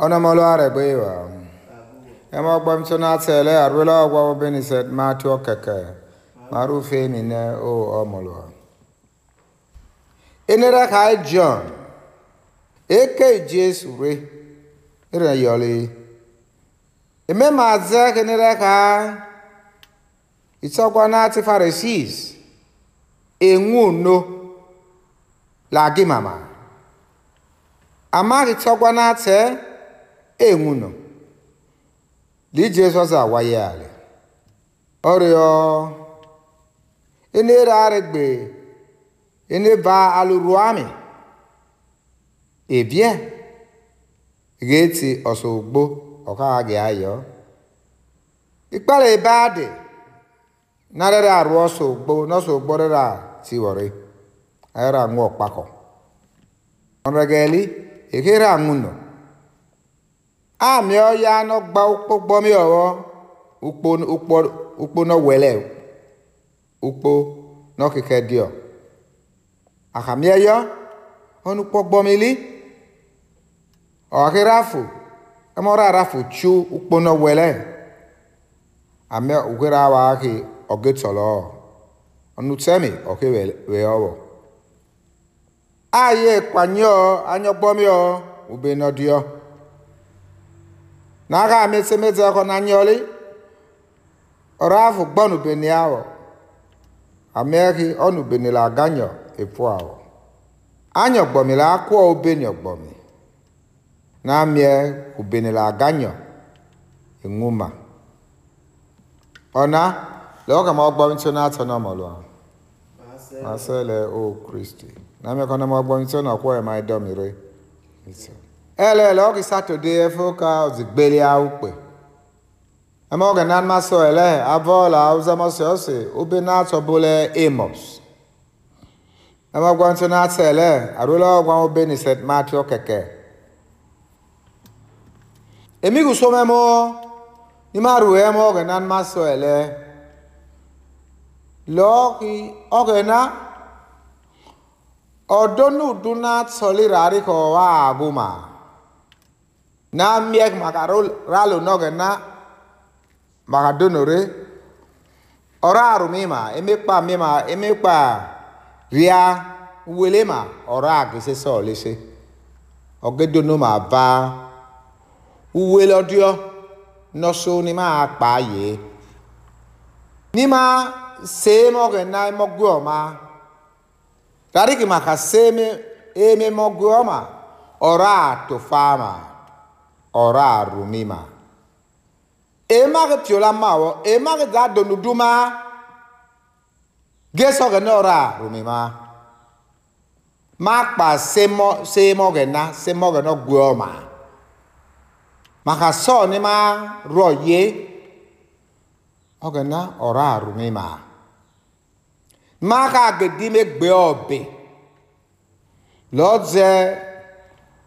Ona molware bewa. Ema gbam chona tsele arwela ogwa obeni set ma to keke. Maru fe ni ne o omolwa. Enera kai e John. Eke Jesu re. Ira e yoli. Eme ma ze kenera kai. Itsogwa na ati Pharisees. Enwu no. La gimama. Amari tsogwa na ati enwuno li Jesus awayale oryo ene raregbe ene ba amị ebie ga-eti ọsọgbo ọka ga ayọ ikpere ebe a adị narịrị arụ ọsọ ugbo n'ọsọ ugbo rịrị tiwọrị ayọrọ anwụ ọkpakọ ọrịgeli ekere anwụ nọ amịọ ya n'ọgba ụkpọgbọmị ọghọ ukpo ukpo ukpo n'ọwele ukpo n'ọkịka dịọ ahamịa yọ ọnụkpọgbọmịli ọhịrị afọ ẹmọrọ arafo tso ukpo n'ọwele amịa ụgwere awa ahị ọgịtọlọ ọnụtsẹmi ọkịwẹ ọwọ ayé kwanyọ anyọgbọmịọ ubenọdịọ. naga metse metse ko na nyoli afọ gbonu beni awo ameri onu beni la aganyọ epu awo anyọ gbomi la akwo obeni ogbomi na amie ubeni la ganyo enwuma ona lọ́kàn máa gbọ́ mi tí ó náà tọ́ náà mọ̀ lọ́wọ́ àṣẹ lẹ́ o Kristi náà mi kọ́ na máa gbọ́ mi tí ó náà kó ẹ̀ máa dọ́ mi rẹ́. ele oge satọde efe ka ozigbeli ukpe amoge na mmasị ele avọla ụzọmọsị ọsị obe na-atọbụle amos amagwa ntụ na-asa ele arụla ọgwa obe ni set matio keke emi gusomemo n'ime arụghị eme oge na mmasị ele lọọkị oge na ọdọ n'udu na-atọliri arịka ọwa agụma na miek maka ralo noge na maka donore ọrụ arụ mima emekpa mima emekpa ria wele ma ọrụ agese sọlese ọgedono ma ba uwele ọdịọ nọsọ ni akpa kpa ye nima see mọge na emọgwe ọma tariki maka see eme mọgwe ọma ọrụ atụ fama. ora rumima ema ke piola mawo ema ke za donu duma geso ke ne ora rumima ma kpa semo semo ke na semo ke no guoma maka so ni ma roye oge na ora rumima maka gedi me gbe obe lodze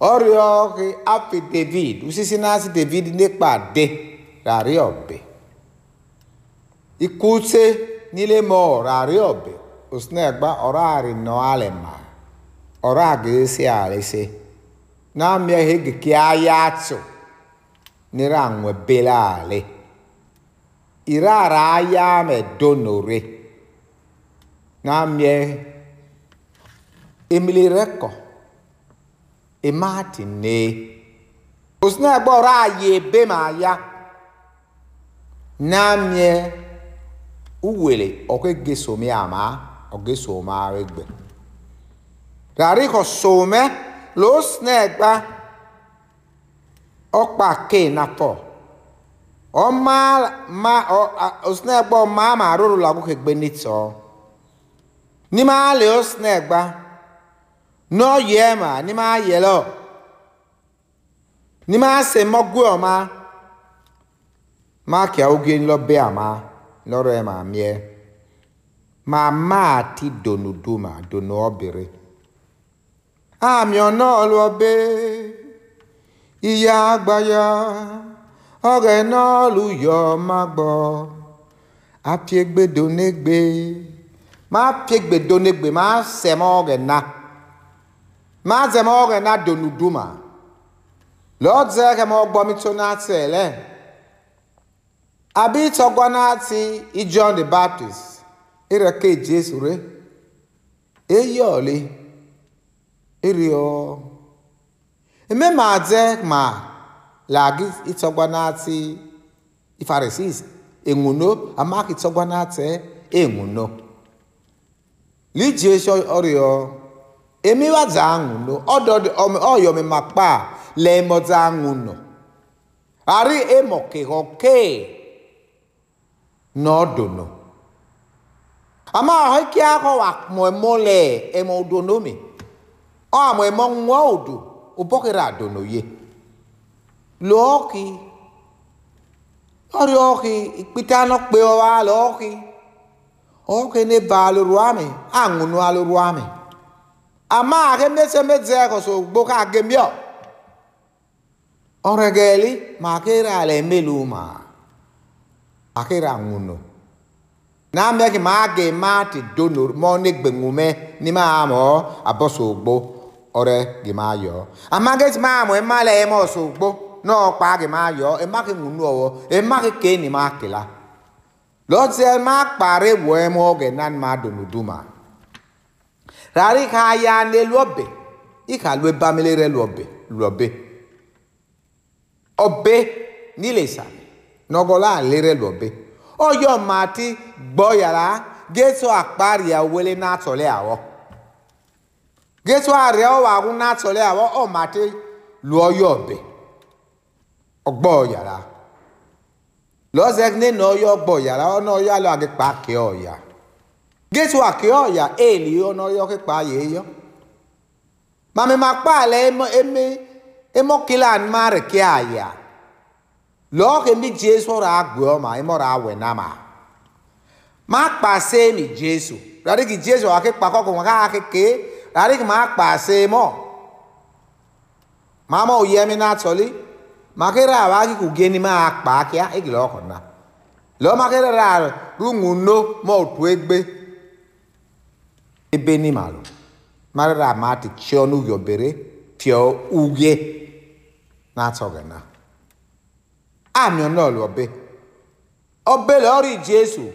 ọrịọghị apị david osisi na-asị david n'ịkpa de rarị ọbẹ ikute n'ile ma rarị ọbẹ osinagba ọrụ arị nọ alịma ọrụ aga-esi arịsị na-amịaghị gike aya atụ nire anwe alị ire ara aya medonore na-amịa emili rekọd E ematinee osinagbọrọ anyị ebe ma ya na-amịe uwere ọkwege some ama ọge some aregbe gari kọ some losnegba ọkpa ke napọ ọma ma osinagbọ ma ama arụrụ lagwụkegbe nitọ n'ime ala osinagbọ nɔ yɛ ma ni ma yɛ lɔ ni ma se mɔgoe o ma ma kɛ oge lɔ bɛ a ma lɔrɔ yɛ ma miɛ ma ma ti donu do ma donu ɔbere amiɔ nɔ lɔ be iya gbaya ɔgɛ nɔ lu yɔ ma gbɔ apiegbe do negbe ma piegbe do negbe ma sɛ mɔ ɔgɛ na. Maze more na donuduma. Lord zere ma ọgbọ mito na ati ele. Abi itọgwa na ati i John the Baptist. Ireke Jesu re. Eyi ọli. Iri Eme ma adze ma lagi itọgwa na ati Enwuno amaka itọgwa na ati enwuno. Lijie ọrịa emiwa dzaŋuno ɔdɔdi ɔmɛ ɔyɔmɛ makpa le emɔ dzaŋuno ari emɔ kehɔ kee nɔdono ama ɔhɛkia kɔ wa mɔ emɔ lɛ emɔ dono mi ɔmɔ emɔ ŋua odo obɔkera dono ye lɔɔki ɔriɔki ikpitanɔ kpe ɔwa lɔɔki ɔɔki ne ba aloruami aŋuno aloruami ama ake mese medzea koso gboka agembio ọrẹgẹli ma akera ala emelu ma akera ŋuno n'amẹ kì máa gẹ máa ti dono mọ ne gbẹngumẹ ni máa mọ abọsogbo ọrẹ kì máa yọ amagẹsi máa mọ ẹma e lẹ ẹmọ sogbo náà kpa kì máa yọ ẹma e kì ŋunu ọwọ ẹma e kì kéènì máa kìla lọsẹ máa kparẹ wọ ẹmọ gẹ nánú máa dono duma rari haya ne luobe ba lue bamilere luobe luobe obe nile sami nogola lere luobe oyo mati gboyara geso ya awele na atole awo geso are owa awu na atole awo o mati luoyo obe ogboyara lọ́sẹ̀ ní ọ̀nà ọ̀yọ́ gbọ̀yàrá ọ̀nà ọ̀yọ́ àlọ́ àgẹ́pà kẹ́ ya. Getu akio ya eli ono yoke pa ye yo. Mame makpale emo eme emo kilan mare kia ya. Loke mi Jesu ra agwe ma emo ra we na ma. Makpa se mi Jesu. Rari ki Jesu ake pa koko waka ake ke. Rari ki makpa se mo. Mama uye mi na toli. Makera waki kugeni ma akpa kia. Eki loko na. Lo makera ra rungu no mo tuegbe. Ebeni malo, e male. Ma ramati c'è un ughio bere, ti ho Na so che na. A mio no lo be. O be lori Jésù.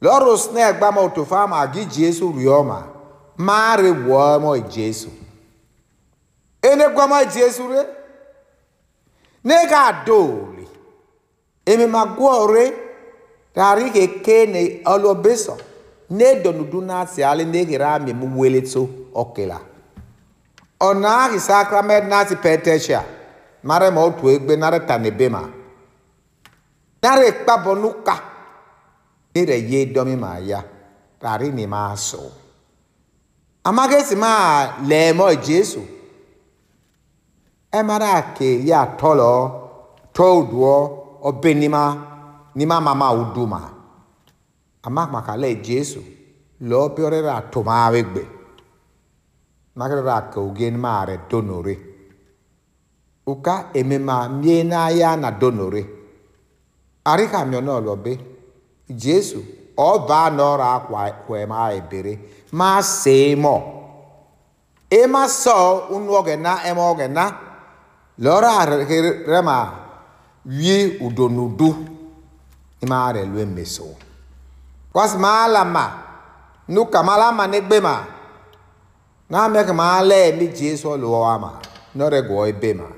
Loro sne gba mo to fa ma gi Jésù rioma. Ma re wo mo Jésù. Ene gba mo Jésù re. Ne ga doli. Emi ma gore. Tari ke ke ne olobeso n'edo na n'asị alị n'eghere amị m weleto ọkela ọ na-ahị na n'asị peteshia mara ma otu egbe narị tanebe ma narị kpabọ n'ụka nere ye domi ma ya rari e ni ma so amaghị esi ma leemọ jesu emara ke ya tọlọ tọọ uduọ ọbe nima nima mama uduma amakpakale Jesu lɔɔpiɔre la tomaawe gbe makere la ka ogen maare donore uka emema mie na ya na donore ari ka miɔ na ɔlɔbe Jesu ɔbaa na akwa kwɛ ma ebere ma see mɔ ema sɔɔ unu na ɛma e ɔgɛna lɔɔre are rɛ ma wie udonudu ema are emeso. Kwasi ma ma, ma. na negbema naame kemaalɛ mi jesu ɔluwama nɔrɛgɔ ebema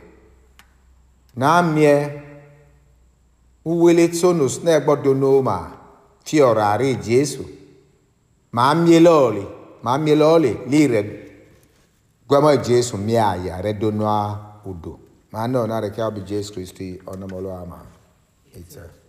naamiɛ uwele tsonus nɛgbɔdonoma fiɔrari jesu maamielɔli maamielɔli liirɛ gbɛmɔ jesu mia yare donoa udo maanɛ ɔnarɛ kɛ ɔbi jesu Kristi, kristu ɔnɔmɔlɔama. Exactly.